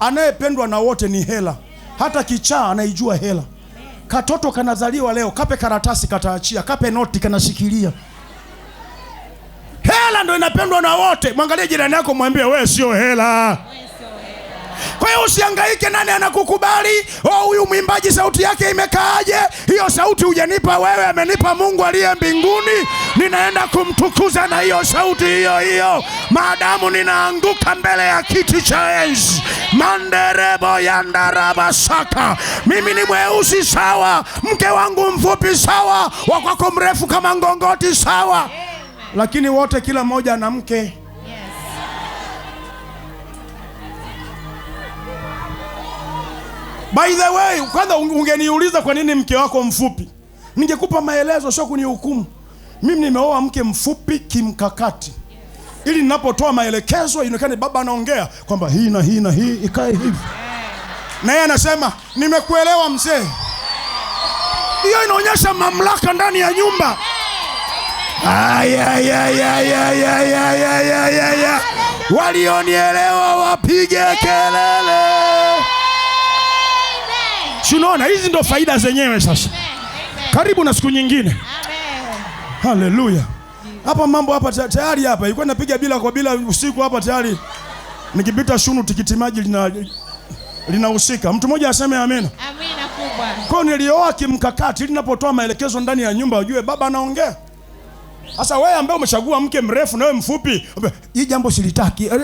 Anayependwa na wote ni hela, hata kichaa anaijua hela. Katoto kanazaliwa leo, kape karatasi kataachia, kape noti kanashikilia. Hela ndo inapendwa na wote. Mwangalie jirani yako, mwambie wewe sio hela. Kwa hiyo usihangaike nani anakukubali. huyu mwimbaji sauti yake imekaaje? Hiyo sauti hujanipa wewe, amenipa Mungu aliye mbinguni. Ninaenda kumtukuza na hiyo sauti hiyo hiyo, maadamu ninaanguka mbele ya kiti cha enzi. manderebo ya ndarabasaka, mimi ni mweusi sawa, mke wangu mfupi sawa, wakwako mrefu kama ngongoti sawa, lakini wote kila mmoja na mke By the way, kwanza ungeniuliza kwa nini mke wako mfupi, ningekupa maelezo, sio kunihukumu. Mimi nimeoa mke mfupi kimkakati, ili ninapotoa maelekezo ionekane baba anaongea kwamba hii na hii na hii ikae hivi, na yeye anasema nimekuelewa mzee. Hiyo inaonyesha mamlaka ndani ya nyumba. Walionielewa wapige kelele. Unaona, hizi ndo faida zenyewe. Sasa karibu na siku nyingine. Haleluya! Hapa mambo hapa tayari, hapa ilikuwa napiga bila kwa bila usiku hapa tayari, nikipita shunu tikiti maji lina linahusika. Mtu mmoja aseme amina. Amina kubwa. Kwa nilioa kimkakati, linapotoa maelekezo ndani ya nyumba ujue baba anaongea. Sasa wewe ambaye umechagua mke mrefu na wewe mfupi, hii jambo silitaki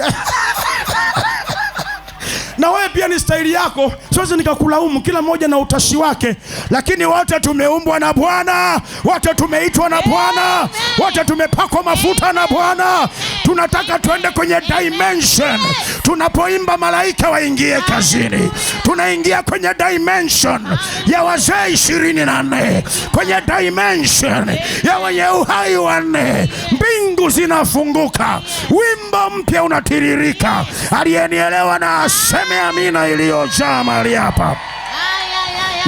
na wewe pia ni staili yako, siwezi nikakulaumu. Kila mmoja na utashi wake, lakini wote tumeumbwa na Bwana, wote tumeitwa na Bwana, wote tumepakwa mafuta na Bwana. Tunataka tuende kwenye dimension tunapoimba malaika waingie kazini, tunaingia kwenye dimension ya wazee ishirini na nne, kwenye dimension ya wenye uhai wanne. Mbingu zinafunguka, wimbo mpya unatiririka. Aliyenielewa na aseme amina iliyojaa mahali hapa.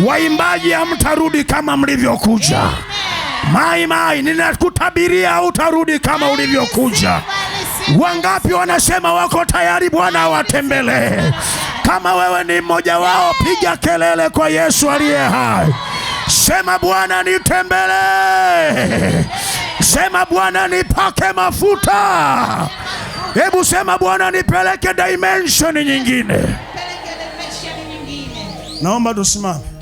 Waimbaji, hamtarudi kama mlivyokuja. Mai mai, ninakutabiria utarudi kama ulivyokuja. Wangapi wanasema wako tayari Bwana awatembelee? Kama wewe ni mmoja wao, piga kelele kwa Yesu aliye hai. Sema Bwana nitembelee, sema Bwana nipake mafuta. Hebu sema Bwana, nipeleke dimension nyingine. Naomba tusimame.